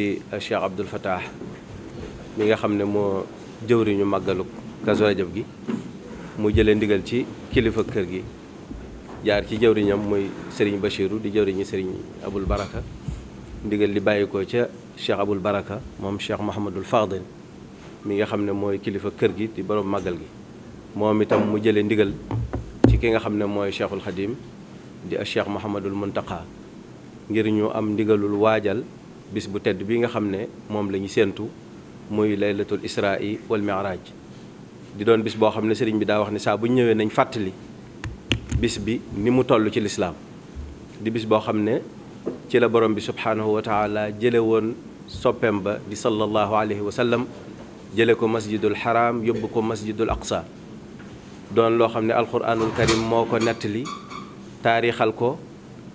di Cheikh Abdoul Fattah mi nga xam ne moo jëwriñu màggalu Kazu gi mu jëlee ndigal ci kilifa kër gi jaar ci jëwriñam muy sëriñ Bachiru di jëwriñu sëriñ Abul Baraka ndigal li bàyyi ca Cheikh Abul Baraka moom Cheikh Mouhamadul Fadil mi nga xam ne mooy kilifa kër gi di borom màggal gi moom itam mu jëlee ndigal ci ki nga xam ne mooy Cheikhul Xadim di Cheikh Mouhamadul Muntaqa ngir ñu am ndigalul waajal bis bu tedd bi nga xam ne moom la ñu séentu muy laylatul israa wal miraaj di doon bis boo xam ne sëriñ bi daa wax ne saa bu ñu ñëwee nañ fàttali bis bi ni mu toll ci lislaam di bis boo xam ne ci la borom bi subhaanahu wa taala jële woon soppeem ba di sallallahu alayhi wa sallam jële ko masjidul haram yóbbu ko masjidul aqsa doon loo xam ne alquranul karim moo ko nettali taarixal ko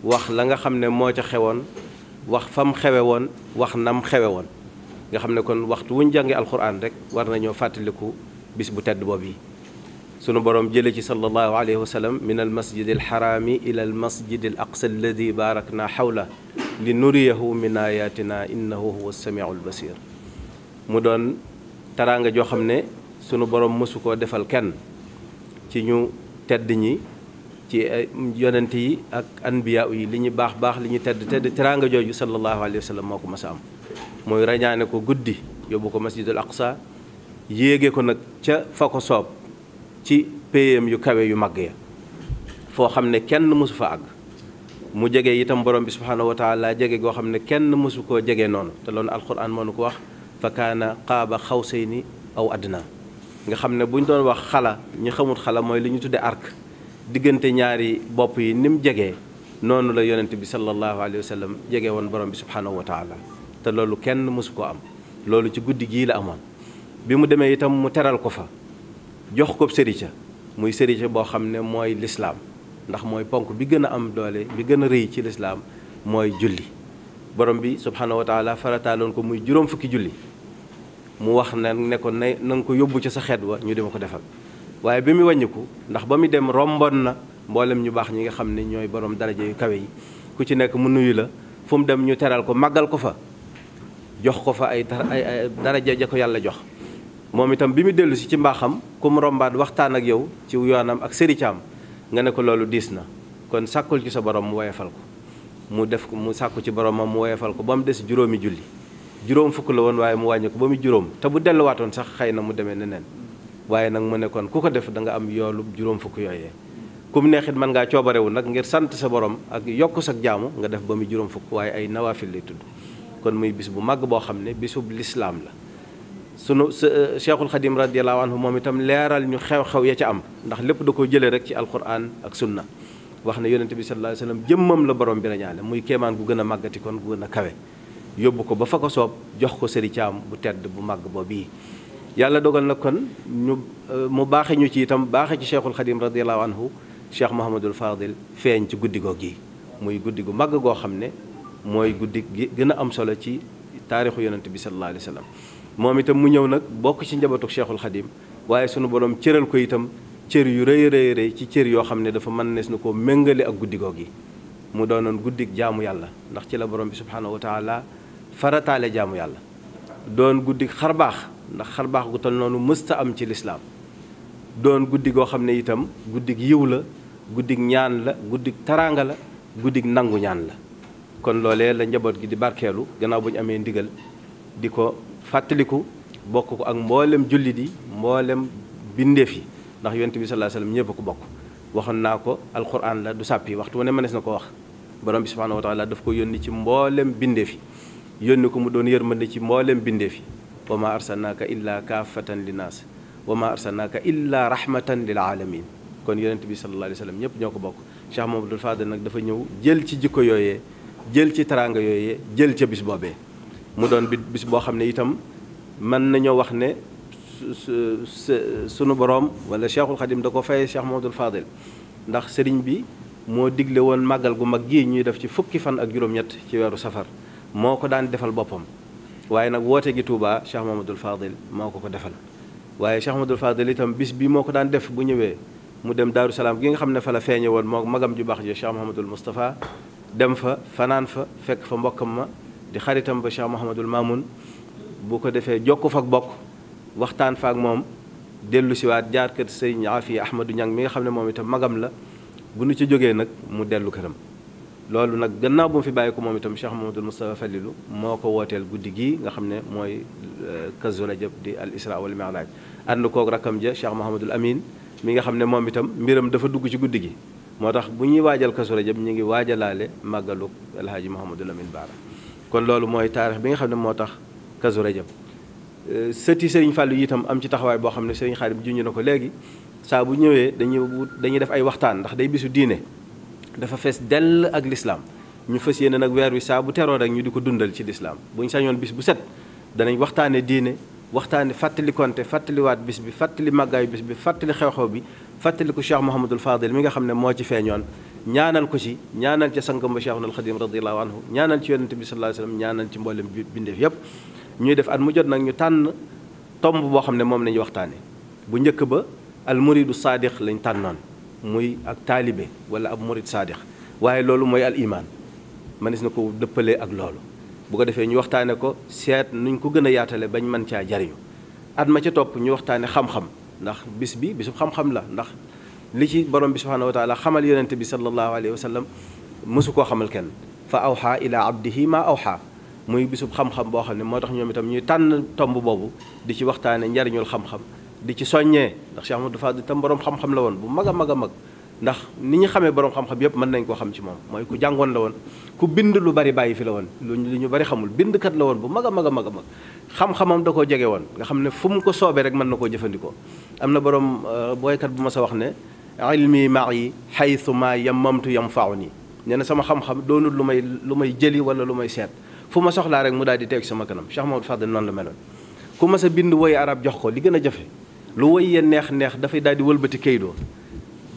wax la nga xam ne moo ca xewoon wax fam xewe woon wax nam xewe woon nga xam ne kon waxtu wuñ jànge alxuraan rek war nañoo fàttaliku bis bu tedd boobu yi sunu boroom jële ci sallallahu alayhi wa sallam min al masjid al xaraami ila al masjid al aqsa alladi baarakna xawla li nuriyahu min ayatina innahu huwa samiu al basir mu doon taraanga joo xam ne sunu boroom mësu koo defal kenn ci ñu tedd ñi ci eh, yonent yi ak anbiya yi li ñu baax baax li ñu tedd tedd teraanga jooju sallallahu alayhi wa sallam moo ko mas am mooy rañaane ko guddi yóbbu ko masjidul aqsa yéege ko nag ca fa ko soob ci péyam yu kawe yu mag ya foo xam ne kenn mësu fa àgg mu jege itam borom bi subhaanahu wa taala jege goo xam ne kenn mësu koo jege noonu te loolu alquran moo nu ko wax fa kaana qaaba ni aw adna nga xam ne bu ñu doon wax xala ñu xamul xala mooy li ñu tudde arc diggante ñaari bopp yi ni mu jege noonu la yonent bi sallallahu alayhi wa sallam jege woon borom bi subhaanahu wa taala te loolu kenn mësu ko am loolu ci guddi gii la amoon bi mu demee itam mu teral ko fa jox ko sërica muy sërica boo xam ne mooy lislaam ndax mooy ponk bi gën a am doole bi gën a rëy ci lislaam mooy julli borom bi subhaanahu wa taala farataaloon ko muy juróom fukki julli mu wax na ne ko na nga ko yóbbu ca sa xeet wa ñu dima ko defal waaye bi muy wàññiku ndax ba mu dem romboon na mboolem ñu baax ñi nga xam ne ñooy boroom daraja yu kawe yi ku ci nekk mu nuyu la fu mu dem ñu teral ko màggal ko fa jox ko fa ay ay daraja ja ko yàlla jox moom itam bi mu dellu si ci mbaaxam ku mu rombaat waxtaan ak yow ci yoonam ak sëricaam nga ne ko loolu diis na kon sàkkul ci sa borom mu woyefal ko mu def mu sàkku ci boromam mu woyefal ko ba mu des juróomi julli juróom fukk la woon waaye mu wàññi mu juróom te bu delluwaatoon sax xëy na mu demee neneen waaye nag mu ne kon ku ko def da nga am yoolu juróom fukk yooyee ku mu neexit mën ngaa coobarewu nag ngir sant sa borom ak yokk sa jaamu nga def ba muy juróom fukk waaye ay nawaafil lay tudd kon muy bis bu màgg boo xam ne bisub lislaam la sunu eh, cheikhul xadim radiallahu anhu moom itam leeral ñu xew-xew ya ca am ndax lépp da koo jëlee rek ci alquran ak sunna wax ne yonente bi sallallahu alayhi wasallam jëmmam la borom bi rañaale muy kéemaan gu gën a kon gu a kawe yóbbu ko ba fa soob jox ko sëri caam bu tedd bu màgg boo bii yàlla dogal nag kon ñu euh, mu baaxe ñu ci itam baaxe ci cheikhul xadim radiallahu anhu cheikh mahamadul fadil feeñ ci guddi gi muy guddi gu màgg goo xam ne mooy guddi gi gën a am solo ci taarixu yonant bi sallallahu alayhi moom itam mu ñëw nag bokk ci njabootu cheikhul xadim waaye sunu borom cëral ko itam cër yu rëy rëy ci cër yoo xam ne dafa mën nees na koo méngale ak guddigoo gi mu doonoon guddi jaamu yàlla ndax ci la borom bi subhaanahu wa taala farataale jaamu yàlla doon guddik xarbaax ndax xar baax gu tal noonu mësta am ci lislaam doon guddi goo xam ne itam guddi guddig yiw la guddig ñaan la guddig taraanga la guddig nangu ñaan la kon loolee la njaboot gi di barkeelu gannaaw bu ñu amee ndigal di ko fàttaliku bokk ko ak mboolem jullit yi mboolem bindeef yi ndax yonent bi sallallahu alayhi wasallam ñëpp ko bokk waxoon naa ko alquran la du sàppi waxtu wane mënees na ko wax borom bi subhanahu wa taala daf ko yónni ci mboolem bindeef yi yónni ko mu doon yërmande ci mboolem bindeef yi wa ma arsalnaaka illa kaafatan linnaas wa ma arsalnaaka illa rahmatan lil alamin kon yonent bi sallallahu alayhi wa sallam ñëpp ñoo ko bokk Cheikh Mamadou Fadal nag dafa ñëw jël ci jikko yooyee jël ci taraanga yooyee jël ca bis boobee mu doon bis boo xam ne itam mën nañoo wax ne sunu boroom wala Cheikhul Khadim da ko fayee Cheikh Mamadou Fadal ndax sëriñ bi moo digle woon màggal gu mag gii ñuy def ci fukki fan ak juróom-ñett ci weeru safar moo ko daan defal boppam waaye nag woote gi Touba Cheikh Mamadou Fadil moo ko ko defal waaye Cheikh Mamadou Fadil itam bis bi moo ko daan def bu ñëwee mu dem Daaru Salaam gi nga xam ne fa la feeñe woon moo magam ju baax ji Cheikh Mahamadul Moustapha dem fa fanaan fa fekk fa mbokkam ma di xaritam ba Cheikh Mahamadul Mamoun bu ko defee jokk ak bokk waxtaan fa ak moom dellu siwaat jaar kër sëñ Afi Ahmadou Ñang mi nga xam ne moom itam magam la bu nu ci jógee nag mu dellu këram loolu nag gannaaw bu mu fi bàyyi ko moom itam Cheikh Mamadou Moustapha Falilou moo ko wooteel guddi gii nga xam ne mooy euh, Kazu Rajab di al isra wal mi'raj ànd koog rakam ja Cheikh Mahamadul Amin mi nga xam ne moom itam mbiram dafa dugg ci guddi gi moo tax bu ñuy waajal Kazu Rajab ñu ngi waajalaale màggalu alhaaji Mahamadul Amin Baara kon loolu mooy taarix bi nga xam ne moo tax Kazu Rajab euh, sëti Serigne Fallou itam am ci taxawaay boo xam ne Serigne Xaadim junj na ko léegi saa bu ñëwee dañuy dañuy def ay waxtaan ndax day bisu diine dafa fees dell ak lislaam ñu fas yéene nag weer wi saa bu teroo rek ñu di ko dundal ci lislaam buñ sañoon bis bu set danañ waxtaane diine waxtaane fàttali konte fàttaliwaat bis bi fàttali màggaayu bis bi fàttali xew-xew bi fàttali ko Cheikh Mouhamadul Fadil mi nga xam ne moo ci feeñoon ñaanal ko ci ñaanal ca sangam ba Cheikhul Xadim radiallahu anhu ñaanal ci yonente bi sallallahu alayhi wasallam ñaanal ci mboolem bindeef yépp ñuy def at mu jot nag ñu tànn tomb boo xam ne moom lañuy waxtaane bu njëkk ba al muridu saadiq lañ tànnoon muy ak taalibe wala ab murit saadix waaye loolu mooy al imaan manis na ko dëppalee ak loolu bu ko defee ñu waxtaane ko seet nuñ ko gën a yaatale bañ man caa jariñu at ma ca topp ñu waxtaane xam-xam ndax bis bi bisub xam-xam la ndax li ci borom bi subhaanahu wa taala xamal yonent bi sallallahu alayhi wa sallam mësu koo xamal kenn fa awxaa ila abdihi ma awxaa muy bisub xam-xam boo xam ne moo tax ñoom itam ñuy tànn tomb boobu di ci waxtaane njariñul xam di ci soññee ndax Cheikh Amadou Fadil tam borom xam-xam la woon bu mag a mag a mag ndax ni ñu xamee borom xam-xam yëpp mën nañ koo xam ci moom mooy ku jàngoon la woon ku bind lu bari bàyyi fi la woon lu ñu bari xamul bindkat la woon bu mag a mag a mag a mag xam da koo jege woon nga xam ne fu mu ko soobee rek mën na koo jëfandikoo am na borom euh, booykat bu ma sa wax ne ilmi ma yi yam ma yam yanfau nii nee na sama xam-xam doonul lu may lu may jëli wala lu may seet fu ma soxlaa rek mu daal di teeg sama kanam Cheikh Mamadou Fadel noonu la meloon ku ma sa bind woy arab jox ko li gën a jafe lu woy ya neex-neex dafay daal di wëlbati kaydoo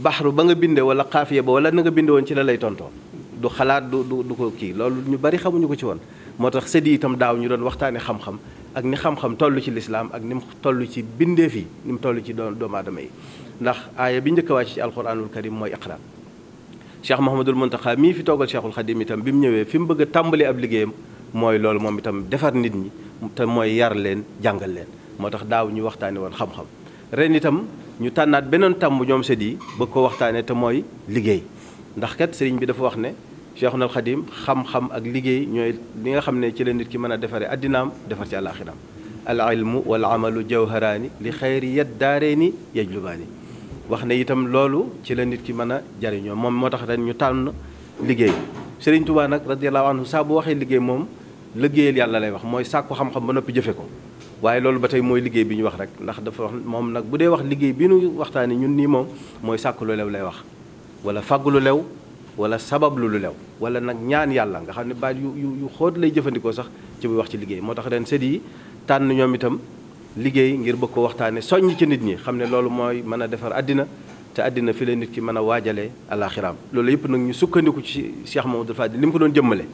baxru ba nga binde wala xaafiya ba wala na nga binde woon ci la lay tontoo du xalaat du du du ko kii loolu ñu bari xamuñu ko ci woon moo tax sëdi itam daaw ñu doon waxtaane xam-xam ak ni xam-xam toll ci lislaam ak ni mu toll ci bindee yi ni mu toll ci doomu aadama yi ndax aaya bi njëkk wàcc ci alquranul karim mooy iqra cheikh mahamadul muntaxa mii fi toogal cheikhul xadim itam bi mu ñëwee fi mu bëgg a tàmbali ab liggéeyam mooy loolu moom itam defar nit ñi te mooy yar leen jàngal moo tax daaw ñu woon xam ren itam ñu tànnaat beneen tàmb ñoom sët yi bëgg ko waxtaanee te mooy liggéey ndax kat sëriñ bi dafa wax ne Cheikhul Khadim xam-xam ak liggéey ñooy li nga xam ne ci la nit ki mën a defaree àddinaam defar ci àlaxiraam al ilmu wal amalu jawharaani li xayri yat daareeni ni wax ne itam loolu ci la nit ki mën a jariñoo moom moo tax ren ñu tànn liggéey sëriñ Tuubaa nag radiyallahu anhu saa bu waxee liggéey moom liggéeyal yàlla lay wax mooy sàkku xam ba noppi jëfe ko waaye loolu ba tey mooy liggéey bi ñu wax rek ndax dafa wax moom nag bu dee wax liggéey bi ñu waxtaanee ñun nii moom mooy sàkk lu lew lay wax wala fàgg lu lew wala sabab lu lu lew wala nag ñaan yàlla nga xam ne baat yu yu yu xóot lay jëfandikoo sax ci buy wax ci liggéey moo tax ren set yi tànn ñoom itam liggéey ngir bëgg ko waxtaane soññ ci nit ñi xam ne loolu mooy mën a defar àddina te àddina fi la nit ki mën a waajalee alaxiraam loolu yëpp nag ñu sukkandiku ci Cheikh Mamadou Fadil ko doon jëmmale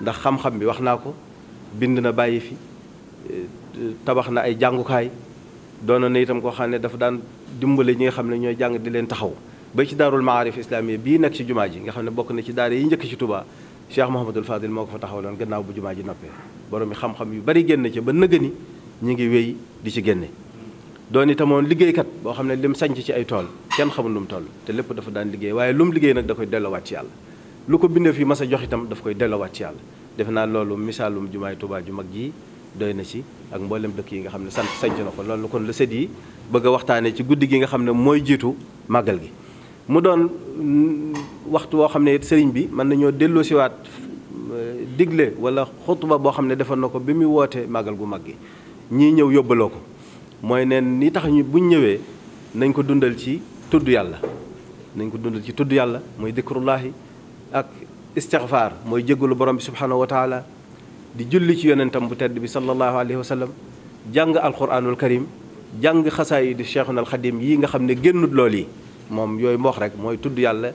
ndax xam bi wax naa ko bind na bàyyi fi tabax na ay jàngukaay doon na itam koo xam ne dafa daan dimbale ñi nga xam ne ñooy jàng di leen taxaw ba ci daarul maarif islamiya bii nag ci jumaa ji nga xam ne bokk na ci daar yi njëkk ci tubaa Cheikh Mouhamadul Fadil moo ko fa taxawaloon gannaaw bu jumaa ji noppee borom xam-xam yu bari génn ci ba nëgëni ñu ngi wey di ci génne. doon itamoon liggéeykat boo xam ne lim sanc ci ay tool kenn xamul lu mu toll te lépp dafa daan liggéey waaye lu mu liggéey nag da koy dellowaat ci ko bindee fi mas a jox itam daf koy dellowaat ci yàlla defe naa loolu misaalum jumaay Touba ju mag ji doy na ci ak mboolem dëkk yi nga xam ne sant sanc na ko loolu kon la sët yi bëgg waxtaanee ci guddi gi nga xam ne mooy jiitu màggal gi mu doon waxtu woo xam ne it sëriñ bi mën nañoo delloosiwaat euh, digle wala xutba boo xam ne defoon na ko bi muy wootee màggal gu mag gi ñii ñëw yóbbaloo ko mooy neen ni tax ñu buñ ñëwee nañ ko dundal ci tudd yàlla nañ ko dundal ci tudd yàlla mooy dikrullahi ak istixfaar mooy jégalu borom bi subhanahu di julli ci yonentam bu tedd bi sallallahu alayhi wa sallam jàng alquranul karim jàng xasaay di cheikhuna alxadim yi nga xam ne génnut lool yi moom yooyu mu wax rek mooy tudd yàlla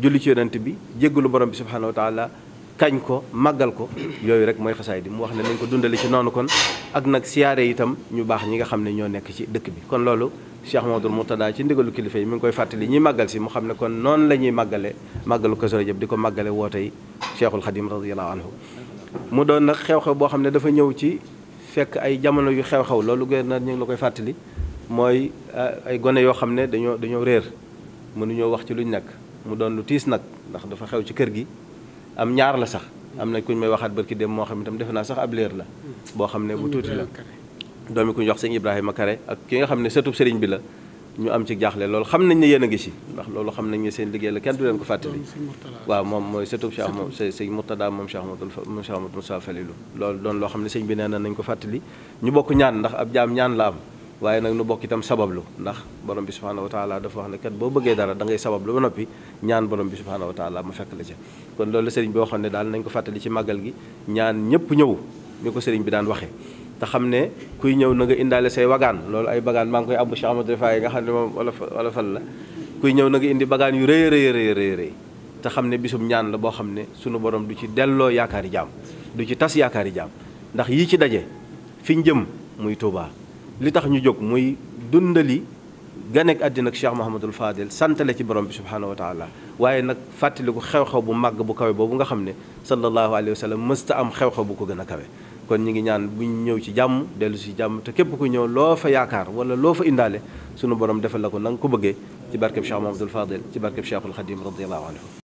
julli ci yonent bi jéggalu borom bi subhanahu wa taala kañ ko maggal ko yooyu rek mooy xasaay di mu wax ne nañ ko dundale ci noonu kon ak nag siyaare itam ñu baax ñi nga xam ne ñoo nekk ci dëkk bi kon loolu Cheikh Mamadou Murtada ci ndigalu kilifa yi mu ngi koy fàttali ñuy màggal si mu xam ne kon noonu la ñuy màggale màggalu Kazu Rajab di ko màggale woote cheikhul xadim radiallahu anhu mu doon nag xew-xew boo xam ne dafa ñëw ci fekk ay jamono yu xew-xew loolu gën na ñu la koy fàttali mooy eh, ay gone yoo xam ne dañoo dañoo réer mënuñoo wax ci luñ nekk mu doon lu tiis nag ndax dafa xew ci kër gi am ñaar la sax am na kuñ may waxaat barki dem moo xam ne itam defe naa sax ab leer la boo xam ne bu tuuti la doomi kuñ wax sëñ Ibrahima Kare ak ki nga xam ne sëtub sëriñ bi la ñu am ci jaaxle loolu xam nañ ne yéen a ngi si ndax loolu xam nañ ne seen liggéey la kenn du leen ko fàttali waaw moom mooy sëtub Cheikh moom sëñ Murtada moom Cheikh moom Cheikh Amadou Moussa ne sëñ bi nee na nañ ko fàttali ñu bokk ñaan ndax ab jaam ñaan la am waaye nag nu bokk itam sabablu ndax borom bi subhaanahu wa taala dafa wax ne kat boo bëggee dara da ngay sabablu ba noppi ñaan borom bi subhaanahu wa taala ma fekk la ca kon loolu la sëriñ bi ne daal nañ ko fàttali ci màggal gi ñaan ñëpp ñëw ni ko sëriñ bi daan waxee te xam ne kuy ñëw na nga indaale say wagaan loolu ay bagaan maa ngi koy àbb Cheikh Amadou Faye nga xam ne moom wala wala fan la kuy ñëw na nga indi bagaan yu rëy rëy rëy te xam ne bisum ñaan la boo xam ne sunu borom du ci delloo yaakaari jaam du ci tas yaakaari jaam ndax yi ci daje fi ñu jëm muy Touba li tax ñu jóg muy dundali ganek àddina ak Cheikh Mouhamadul Fadel santale ci borom bi subhaanahu wa taala waaye nag fàttaliku xew-xew bu màgg bu kawe boobu nga xam ne sallallahu alayhi wa sallam mësta am xew-xew bu ko gën a kawe kon ñu ngi ñaan bu ñu ñëw ci jàmm dellu si jàmm te képp ku ñëw loo fa yaakaar wala loo fa indaale sunu borom defal la ko na nga ko bëggee ci barkeb Cheikh Mahamadul Fadil ci barkeb Cheikhul Khadim radiallahu anhu